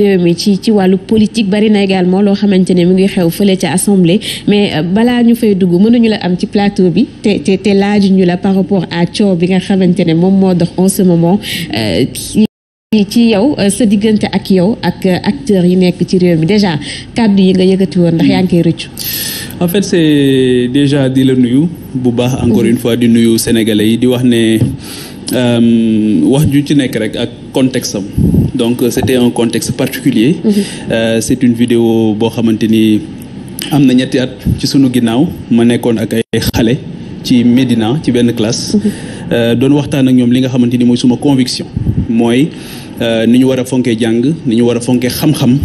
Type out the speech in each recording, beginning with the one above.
réew mi ci ci wàllu politique bari na également loo xamante ne mu ngi xew fële ca assemblée mais euh, balaa ñu fay dugg mënuñu la am ci plateau bi te te te laaju ñu la par rapport à coow bi nga xamante ne moom moo dox en ce moment euh, ci yow euh, sa diggante ak yow ak acteurs yi nekk ci réew mi déjà kàddu yi nga yëkkati woon ndax yaa ngi koy rëccu en fait c'est déjà di la nuyu bu baax encore une fois di nuyu sénégalais yi di wax ne Euh, wax ju ci nekk rek ak contexte am donc euh, c'était un contexte particulier mhm. euh, c'est une vidéo boo xamante ni am na ñetti at ci suñu ginnaaw ma nekkoon ak xale ci Médina ci benn classe mhm. euh, doon waxtaan ak ñoom li nga xamante ni mooy suma conviction mooy ni ñu war a fonkee jàng ni ñu war a fonkee xam-xam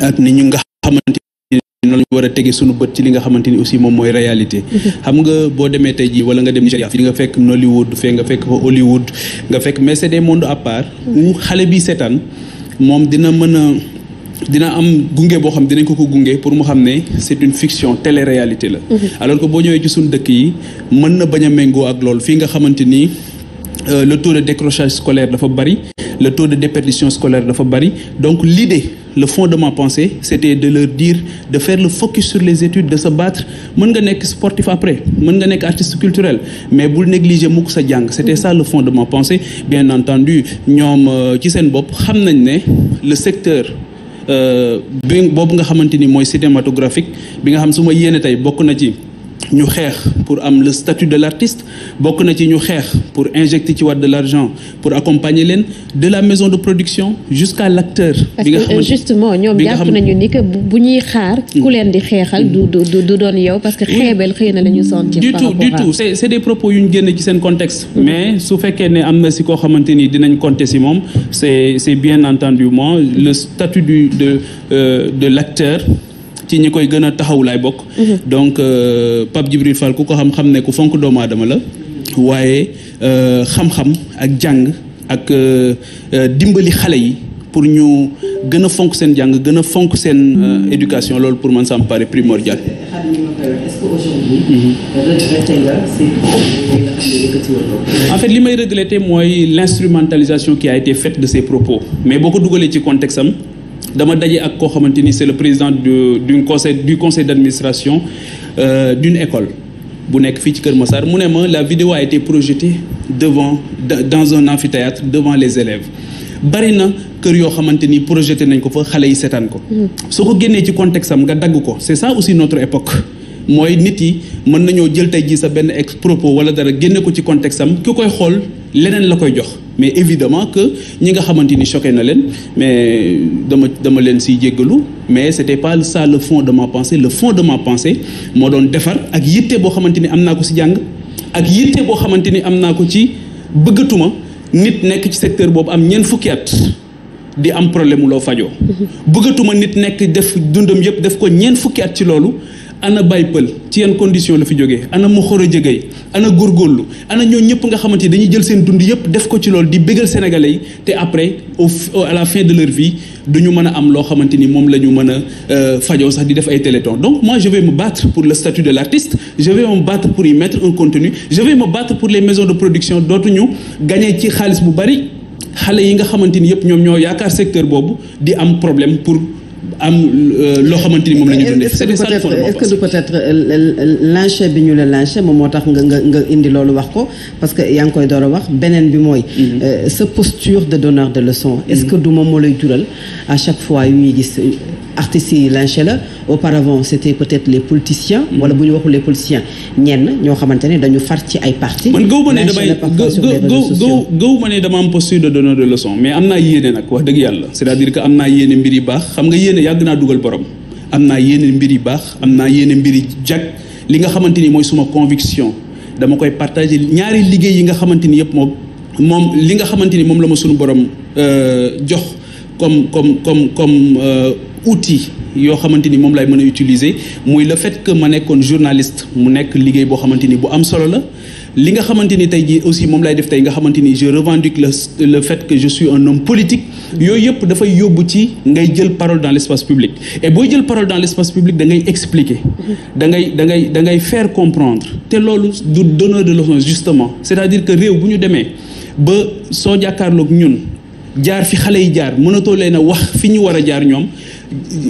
ak ni ñu nga xamante noonu lañ war a tege suñu bët ci li nga xamante ni aussi moom mooy réalité xam nga boo demee tey jii wala nga dem Nigeria fi nga fekk Nollywood fee nga fekk fa Hollywood nga fekk mais c'est des mondes mm-hmm. xale bi seetaan moom dina mën a dina am gunge boo xam dinañ ko ko gunge pour mu xam ne c'est une fiction télé-réalité la mm-hmm. alors que boo ñëwee ci suñu dëkk yi mën na bañ a méngoo ak loolu fii nga xamante ni euh, le taux de décrochage scolaire dafa bari la taux de déperdition scolaire dafa bari le fond de ma pensée c'était de leur dire de faire le focus sur les études de se battre mën nga nekk sportif après mën nga nekk artiste culturel mais bul négliger mukk sa jàng c'était ça le fond de ma pensée bien entendu ñoom euh, ci seen bopp xam nañ ne le secteur euh, bi boobu nga xamante ni mooy cinématographique bi nga xam su ma yéene tey bokk na ci ñu xeex pour am le statut de l'artiste bokk na ci ñu xeex pour injecter ci waat de l'argent pour accompagner leen de la maison de production jusqu'à l'acteur bi nga euh, xam justement ñoom jàpp nañu ni que bu ñuy xaar ku mm. leen di xeexal du doon yow parce que xeebel xëy na la ñu sentir du tout du tout c'est seen contexte mm-hmm. mais su fekkee ne am na si koo xamante ni dinañ compter si moom c'est c'est bien entendu moi le statut du de euh, de l'acteur ci ñi koy gën a taxaw laay bokk mhm. donc euh, Pape Djibril Fall ku ko xam-xam ne ku fonk doomu aadama la waaye euh, xam-xam ak jàng ak euh, dimbali xale yi pour ñu gën a fonk seen jàng gën a fonk seen mhm. éducation loolu pour man ça me paraît primordial. Mhm. en fait li may regretter mooy l'instrumentalisation qui a été faite de ces propos mais boo ko dugalee ci contexte am. dama daje ak koo xamante ni c'est le président du du conseil du conseil d'administration euh, d'une école bu nekk fii ci Kër Massar mu ne ma la vidéo a été projetée devant dans un amphithéâtre devant les élèves bari na kër yoo xamante ni projeté nañ ko fa xale yi seetaan ko. Mm. soo ko génnee ci contexte nga dagg ko c'est ça aussi notre époque. mooy nit yi mën nañoo jël tey jii sa benn ex propos wala dara génne ko ci contexte am ki koy xool leneen la koy jox. mais évidemment que ñi nga xamante ni choqué na leen mais dama dama leen siy jéggalu mais c'était pas ça le fond de ma pensée le fond de ma pensée moo doon defar ak yitte boo xamante ni am naa ko si jàng ak yitte boo xamante ni am naa ko ci bëggatuma nit nekk ci secteur boobu am ñeent fukki at di am problème mu loo fajoo bëggatuma nit nekk def dundam yëpp def ko ñeent fukki at ci loolu ana bay pël ci yan condition la fi jógee ana moxoro jëgay ana góorgóorlu ana ñoo ñëpp nga xamante ni dañuy jël seen dund yëpp def ko ci loolu di bégal sénégalais yi te après au à la fin de leur vie duñu mën a am loo xamante ni moom la ñu mën a euh, fajoo sax di def ay téléton donc moi je vais me pour le statut de l'artiste je vais me battre pour y mettre un contenu je vais me battre pour les maisons de production dootuñu gagné ci xaalis bu bari xale yi nga xamante ni yëpp ñoom ñoo yaakaar secteur boobu di am problème pour am euh, loo xamante ni moom la ñu dundee. est-ce que du peut-être euh, lynché bi ñu la lynché moom moo tax nga nga nga indi loolu wax ko parce que yaa ngi koy door a wax beneen bi mooy. Mhm. Euh, sa posture de donneur de leçon. est-ce mhm. que du moom moo lay jural à chaque fois yu ñuy gis artistes la auparavant c'était peut-être les politiciens. Mhm. wala bu ñu waxul les politiciens ñenn ñoo xamante ne dañu far ci ay partis. man gëw ne dama am posture de donneur de leçon mais am naa yéene nag wax dëgg yàlla yàgg naa dugal borom am naa yéene mbir yi baax am naa yéene mbir yi jag li nga xamante ni mooy suma conviction dama koy partager ñaari liggéey yi nga xamante ni yëpp moom moom li nga xamante ni moom la ma suñu borom euh, jox comme comme comme comme euh, outil yoo xamante ni moom lay mën a utiliser muy le fait que ma nekkoon journaliste mu nekk liggéey boo xamante ni bu am solo la. li nga xamante ni tey jii aussi moom lay def tey nga xamante ni je revendique le le fait que je suis un homme politique yooyu yëpp dafay yóbbu ci ngay jël parole dans l' espace public et booy jël parole dans l' espace public da ngay expliquer da ngay da ngay da comprendre te loolu du donneur de leçon justement c' est à dire que réew bu ñu demee ba soo jàkkaarlook ñun jaar fi xale yi jaar mënatoo leen a wax fi ñu war a jaar ñoom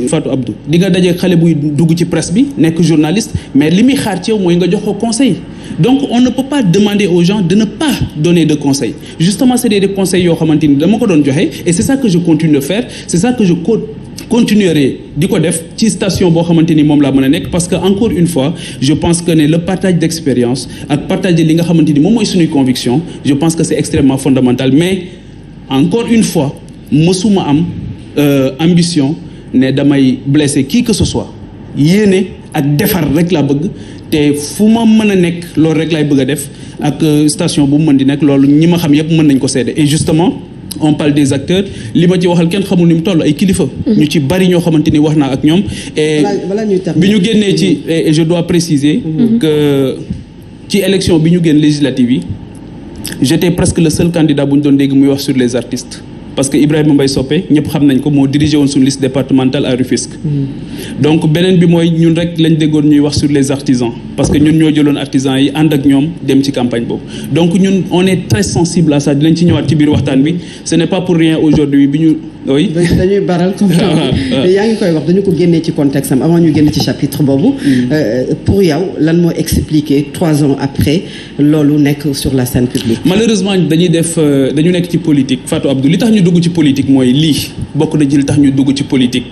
Fatou Abdou di nga daje xale buy dugg ci presse bi nekk journaliste mais li muy xaar ci yow mooy nga jox ko conseil donc on ne peut pas demander aux gens de ne pas donner de conseils justement c'est des conseils yoo xamante ni dama ko doon joxe et c'est ça que je continuerai di ko def ci station boo xamante ni moom laa mën a nekk parce que encore une fois je pense que ne le partage d'expérience ak partager li nga xamante ni moom mooy suñuy conviction je pense que c'est extrêmement fondamental mais encore une fois mësuma am euh, ambition ne damay blesser qui que ce soit ak defar rek laa bëgg te fu ma mën a nekk loolu rek laay bëgg a def ak euh, station bu mu mën di nekk loolu ñi ma xam yëpp mën nañ ko seede et justement on parle des acteurs li ma ci waxal kenn xamul ni mu toll ay kilifa. Mhm. ñu ci bari ñoo xamante ni wax naa ak ñoom. et bi ñu génnee ci et je dois préciser. Mhm. que ci élection bi ñu génn législative yi j'étais presque le seul candidat bu ñu doon dégg muy wax sur les artistes. parce que Ibrahima Mbaye Sopé ñëpp xam nañ ko moo dirigé woon suñu liste départementale à mm. donc beneen bi mooy ñun rek lañ déggoon ñuy wax sur les artisans parce que ñun ñoo jëloon artisans yi ànd ak ñoom dem ci campagne boobu donc ñun on est très sensible à ça dinañ ci ñëwaat ci biir waxtaan bi ce ah. yaa ngi koy wax dañu ko génnee ci contexte am avant ñu génn ci chapitre boobu mm. euh, pour yow lan moo expliquer trois ans après loolu nekk sur la scène publique malheureusement dañuy def euh, dañu nekk ci politique Fatou Abdou dugg ci politique mooy lii bokk na ci li tax ñu dugg ci politique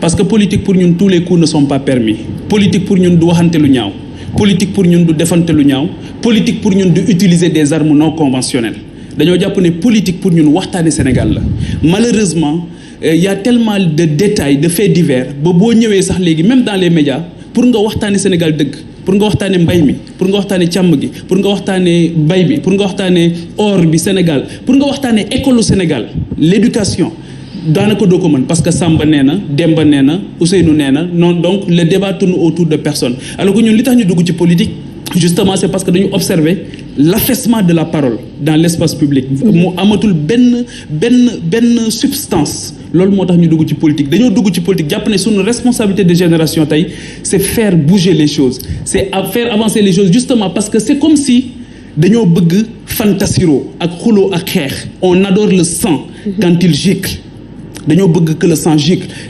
parce que politique pour ñun tous les coups ne sont pas permis politique pour ñun du waxante lu ñaaw politique pour ñun du defante lu ñaaw politique pour ñun du utiliser des armes non conventionnelles dañoo jàpp ne politique pour ñun waxtaane Sénégal la malheureusement euh, y a tellement de détails de faits divers ba boo ñëwee sax léegi même dans les médias pour nga waxtaane Sénégal dëgg pour nga waxtaanee mbay mi pour nga waxtaanee càmm gi pour nga waxtaanee bay bi pour nga waxtaanee or bi Sénégal pour nga waxtaanee école Sénégal l'éducation daanaka doo ko mën parce que Samba nee na Demba nee na Ousseynou nee na non donc le débat tourne autour de personne alors que ñun li tax ñu dugg ci politique justement c'est parce que dañu observer l'affaissement de la parole dans l'espace public mu amatul benn benn benn substance loolu moo tax ñu dugg ci politique dañoo dugg ci politique jàpp ne suñu responsabilité de génération tey c'est faire bouger les choses c'est fair avancer les choses justement parce que c'est comme si dañoo bëgg fantasiro ak xuloo ak xeex on adore le sang quand il dañoo bëgg que le sang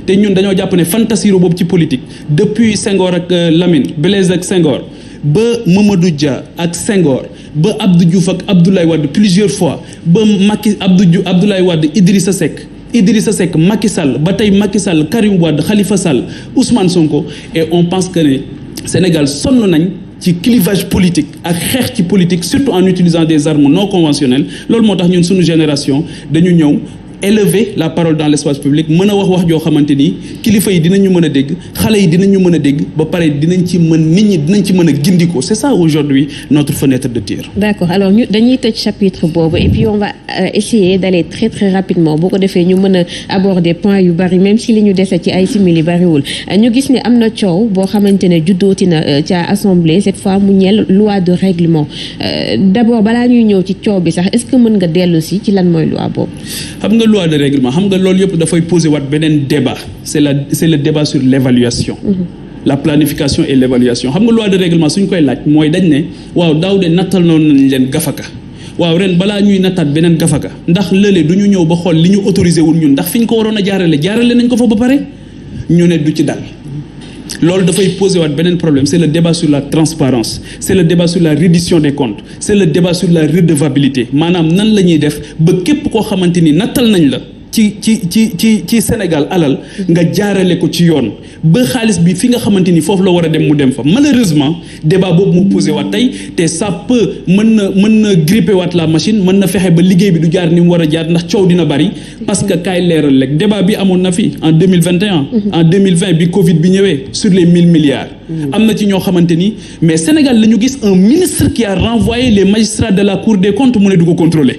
te ñun dañoo jàpp ne fantasiro boobu ci politique depuis Senghor ak euh, Lamine Blaise ak Senghor ba Mamadou Dia ak Senghor ba Abdou Diouf ak Abdoulaye Wade plusieurs fois ba Macky Abdou Diouf Abdoulaye Wade Idrissa Seck Idrissa Seck Macky Sall ba tey Macky Sall Karim Wade Khalifa Sall Ousmane Sonko et on pense que ne Sénégal sonn nañ ci clivage politique ak xeex ci politique surtout en utilisant des armes non conventionnelles loolu moo tax ñun suñu génération dañu ñëw élever la parole dans l' espace mën a wax wax joo xamante ni kilifa yi dinañu mën a dégg xale yi dinañu mën a dégg ba pare dinañ ci mën nit ñi dinañ ci mën a gindikoo c' est ça aujourd'hui notre fenêtre de tir. d' accord alors ñu dañuy tëj chapitre boobu et puis on euh, essayer d' très très rapidement boo ko defee ñu mën a aborder point yu bari même si li ñu dese ci ay simili bariwul euh, ñu gis ni am na coow boo xamante ne juddooti na euh, ca assemblée cette fois mu ñeel loi de règlement d' balaa ñuy ñëw ci coow bi sax est ce que mën nga dellu ci lan mooy loi boobu. loi de règlement xam nga loolu yëpp dafay poser waat beneen débat c'est la c'est le débat sur l'évaluation mm-hmm. la planification et l'évaluation xam nga loi de règlement suñ koy laaj mooy dañ ne waaw daaw de nattal noonu leen gafaka waaw ren balaa ñuy nattaat beneen gafaka ndax lële du ñu ñëw ba xool li ñu autorisé wul ñun ndax fi ñu ko waroon a jaarale jaarale nañ ko fa ba pare ñu ne du ci dal loolu dafay posé waat beneen problème c' est le débat sur la transparence c' est le débat sur la reddition des comptes c' est le débat sur la redevabilité maanaam nan la ñuy def ba képp koo xamante ni nattal nañ la ci ci ci ci ci Sénégal alal nga jaarale ko ci yoon ba xaalis bi fi nga xamante ni foofu la war a dem mu dem fa malheureusement débat boobu mu posé waat tey te ça peut mën na mën na grippé waat la machine mën na fexe ba liggéey bi du jaar ni mu war a jaar ndax coow dina bari parce que leer leeral rek débat bi amoon na fi en 2021 en 2020 bi Covid bi ñëwee sur les mille milliards am na ci ñoo xamante ni mais Sénégal la ñu gis un ministre qui a renvoyé les magistrats la Cour des comptes mu ne du ko contrôler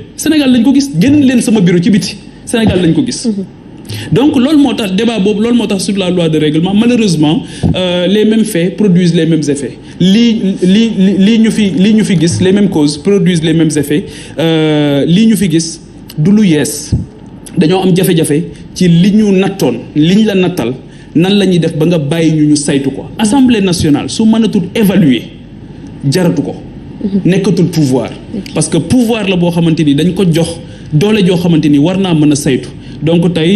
ko gis génn leen sama bureau ci biti Sénégal lañ ko gis. Mhm. donc loolu moo tax débat boobu lool moo tax sur la loi de règlement malheureusement euh, les mêmes faits produisent les mêmes effets lii lii lii ñu fi lii ñu fi gis les mêmes causes produisent les mêmes effets euh, lii ñu fi gis du lu yees dañoo am jafe-jafe ci li ñu nattoon li ñu la nattal nan la ñuy def ba nga bàyyi ñu ñu saytu ko assemblée nationale su mënatul évaluer jaratu ko mhm. nekkatul pouvoir parce que pouvoir la boo xamante ni dañ ko jox doole joo xamante ni war naa mën a saytu donc tey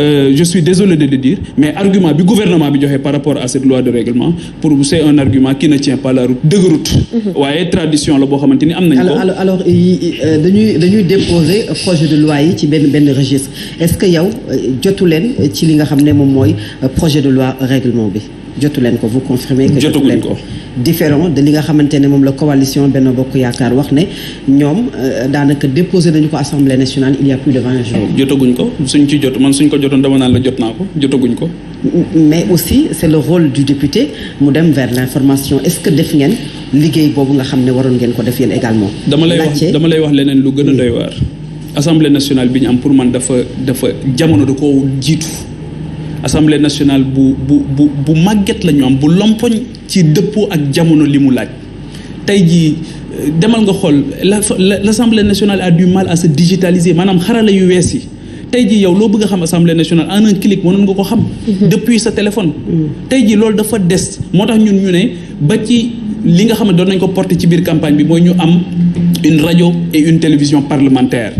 euh, je suis désolé de le dire mais argument bi gouvernement bi joxe par rapport à cette loi de règlement pour c'est un argument qui ne tient pas route dëgg mhm. waaye tradition la boo xamante ni am nañu ko alors alors euh, dañuy dañuy déposer projet de loi yi ci benn benn registre est-ce que yow euh, jotu leen ci li nga xam ne moom mooy projet de loi règlement bi jotu leen ko vous confirmez que jotu leen ko différent de li nga xamante ne moom la coalition benn Bokk Yaakaar wax ne ñoom euh, daanaka déposé nañu ko assemblée nationale il y a plus de vingt jours oh, jotaguñ ko suñ ci jot man suñ ko jotoon dama naan la jot naa ko jotaguñ ko mais aussi c'est le rôle du député mu dem vers l'information est-ce que def ngeen liggéey boobu nga xam ne waroon ngeen ko def yéen également dama lay wax dama lay wax leneen lu gën a doy waar assemblée nationale bi ñu am pour man dafa dafa jamono da koo jiitu assemblée nationale bu bu bu bu màgget la ñu am bu lompoñ ci dëppoo ak jamono li mu laaj tey jii euh, demal nga xool la la l'assemblée nationale a du mal a se digitaliser maanaam xarala yu wees yi tey jii yow loo bëgg a xam assemblée nationale en un clic mënoon nga ko xam. dëpp mm-hmm. depuis sa téléphone. Mm. tey jii loolu dafa des moo tax ñun ñu ne ba ci li nga xam ne doon nañ ko porter ci biir campagne bi mooy ñu am une radio et une télévision parlementaire.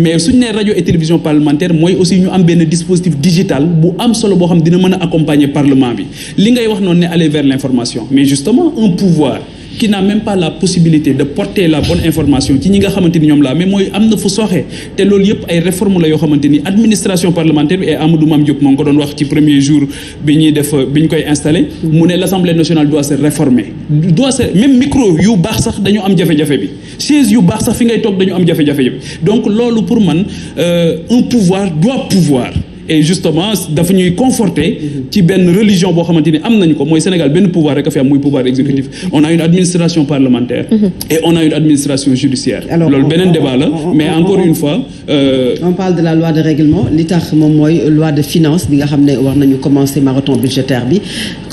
mais suñu ne rajo et télévision parlementaire mooy aussi ñu am benn dispositif digital bu am solo boo xam dina mën a accompagner parlement bi li ngay wax noonu ne aller vers l'information mais justement un pouvoir qui n'a même pas la possibilité de porter la bonne information ci ñi nga xamante ni ñoom la mais mooy am na fu soxee te loolu yëpp ay réforme la yoo xamante ni administration parlementaire bi et Amadou Mame Diop moo ngi ko doon wax ci premier jour bi ñuy def bi ñu koy installé mu ne l'Assemblée nationale doit se réformer yu baax sax dañu am jafe bi chaise yu baax sax fi ngay toog dañu am jafe-jafe yëpp donc loolu pour man euh, un pouvoir doit pouvoir et justement dafa ñuy conforter ci benn religion boo xamante ni am nañu ko mooy Sénégal benn pouvoir rek a fi am muy pouvoir exécutif mm-hmm. on a une administration parlementaire mm-hmm. et on a une administration judiciaire loolu beneen débat mais encore une fois euh, on parle de la loi de règlement li tax moom mooy loi de finance bi nga xam ne war nañu commencer marathon budgétaire bi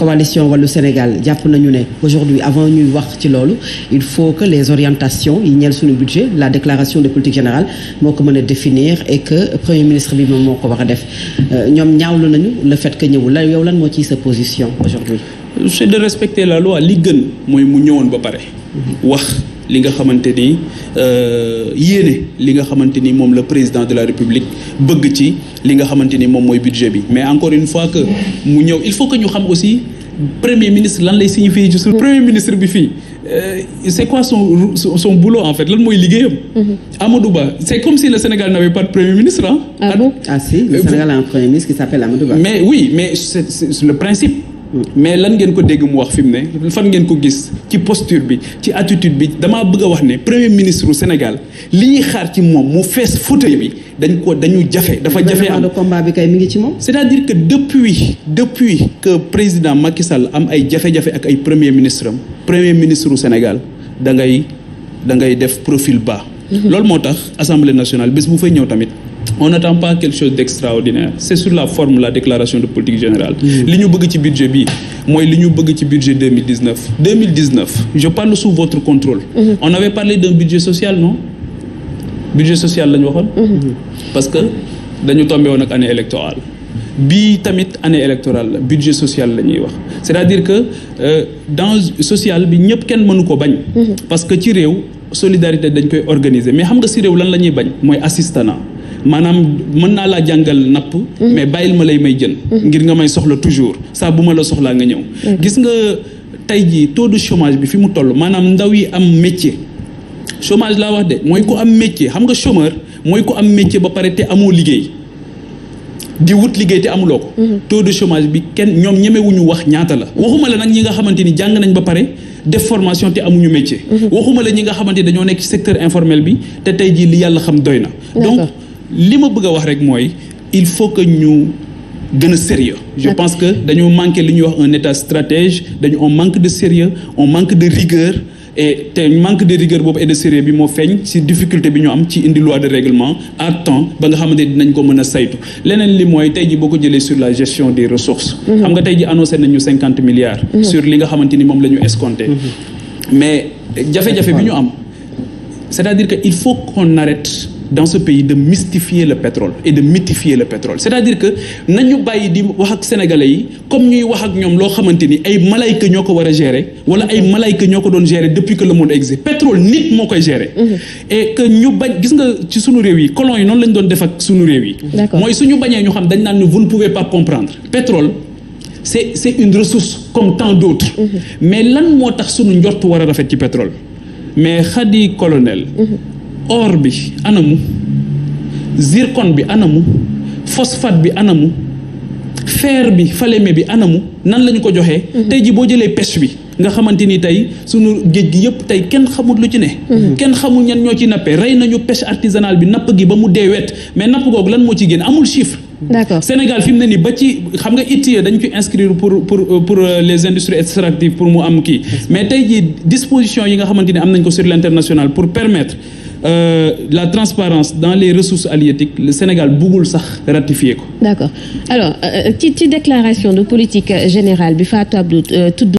coalition wàllu Sénégal jàpp nañu ne aujourd'hui avant ñuy wax ci loolu il faut que les orientations yi suñu budget la déclaration de politique générale ko mën a définir bi moom moo ko war a def Euh, ñoom ñaawlu nañu le fait que ñëwul la yow lan moo ciy sa position aujourd'hui c'est de respecter la loi li gën mooy mu ñëwoon ba pare mhm. wax li nga xamante ni euh, yéene li nga xamante ni moom la président de la république bëgg ci li nga xamante ni moom mooy budget bi mais encore une fois que mu ñëw il faut que ñu xam aussi premier ministre lan lay signifier juste premier ministre bi fii euh, c'est quoi son son boulot en fait lan mooy liggéeyam. Mhm. Amadou Ba c'est comme si le Sénégal n'avait pas de premier ministre ah. ah bon ah si euh, a un premier ministre mais oui mais c'est le principe. mais lan ngeen ko dégg mu wax fi mu ne fan ngeen ko gis ci posture bi ci attitude bi damaa bëgg a wax ne premier ministre u Sénégal li ñuy xaar ci moom mu fees fauteuil bi dañ ko dañu jafe dafa jafe am combat bi mi ngi ci moom c'est-à-dire que depuis depuis que président Macky Sall am ay jafe ak ay premier ministre am premier ministre u Sénégal da ngay da ngay def profil bas mhm. loolu moo tax assemblée nationale bis bu fay ñëw tamit on n'attend pas quelque chose d'extraordinaire c'est sur la forme la déclaration de politique générale mm. li ñu bëgg ci budget bi mooy li ñu bëgg ci budget 2019 2019 je parle sous votre contrôle mm-hmm. on avait parlé d'un budget social non budget social la ñu waxoon mm-hmm. parce que dañu tombé woon ak année électorale bi tamit année électorale la budget social la ñuy wax c'est-à-dire que euh, dans social bi ñëpp kenn mënu ko bañ mm-hmm. parce que ci réew solidarité dañ koy organiser mais xam nga si réew lan la ñuy bañ mooy assistanat maanaam mën naa laa jàngal napp mhm. mais bàyyil ma lay may jën mhm. ngir nga may soxla toujours saa bu ma la soxlaa nga ñëw mhm. gis nga tey jii taux de chomage bi fi mu toll maanaam ndaw yi am métier chômage laa wax de mooy ko am métier xam nga chômeur mooy ko am métier ba pare te amoo liggéey di wut liggéey amuloo ko taux de chômage bi kenn ñoom ñemewuñu wax ñaata la waxuma la nag ñi nga xamante ni jàng nañ ba pare def formation te amuñu métier waxuma la ñi nga xamante ni dañoo nekk ci secteur informel bi te tey jii li yàlla xam doy na li ma bëgg a wax rek mooy il faut que ñu gën a sérieux je pense que dañoo manqué li ñuy wax un état stratège dañu on manque de sérieux on manque de rigueur et te manque de rigueur boobu et de sérieux bi moo feeñ ci difficulté bi ñu am ci indi loi de règlement à temps ba nga xamante dinañ ko mën a saytu leneen li mooy tey ji boo ko jëlee sur la gestion des ressources mhm. xam nga tey ji annoncé nañu cinquante milliards mhm. sur li nga xamante ni moom la ñu escompté mhm. mais jafe-jafe bi ñu am c'est-à-dire que il faut qu'on arrête dans ce pays de mystifier le pétrole et de mythifier le pétrole c'est-à-dire que nañu bàyyi di wax ak sénégalais yi comme ñuy wax ak ñoom loo xamante ni ay malayka ñoo ko war a gérer wala ay malayka ñoo ko doon gérer depuis que le monde existe pétrole nit moo koy gérer mhm. et que ñu bañ gis nga ci sunu réew yi colons yi noonu lañ doon def ak sunu réew yi mooy suñu bañee ñu xam dañ naa ne vous ne pouvez pas comprendre pétrole c'est une ressource comme tant d'autres mhm. mais lan moo tax sunu njort war a rafet ci pétrole mais xadi colonel mhm. or bi anamu zircon bi anamu phosphate bi anamu fer bi Falémé bi anamu nan lañu ko joxee mhm. tey ji boo jëlee pêche bi nga xamante ni tey sunu géej gi yëpp tey kenn xamul lu ci ne mhm. kenn xamul ñan ñoo ci nappe rey nañu pêche artisanale bi napp gi ba mu dee wet mais napp googu lan moo ci génn amul chiffre d'accord Sénégal fi mu ne nii ba ci xam nga ITIE dañu ci inscrire pour pour pour euh, les industries extractives pour mu am kii mais tey ji disposition yi nga xamante ni am nañ ko sur l'international pour permettre Euh, la transparence dans les ressources halieutiques le Sénégal buggul sax ratifié ko. d'accord alors euh, euh, ci ci déclaration de politique générale bi Fatou Abdou tudd.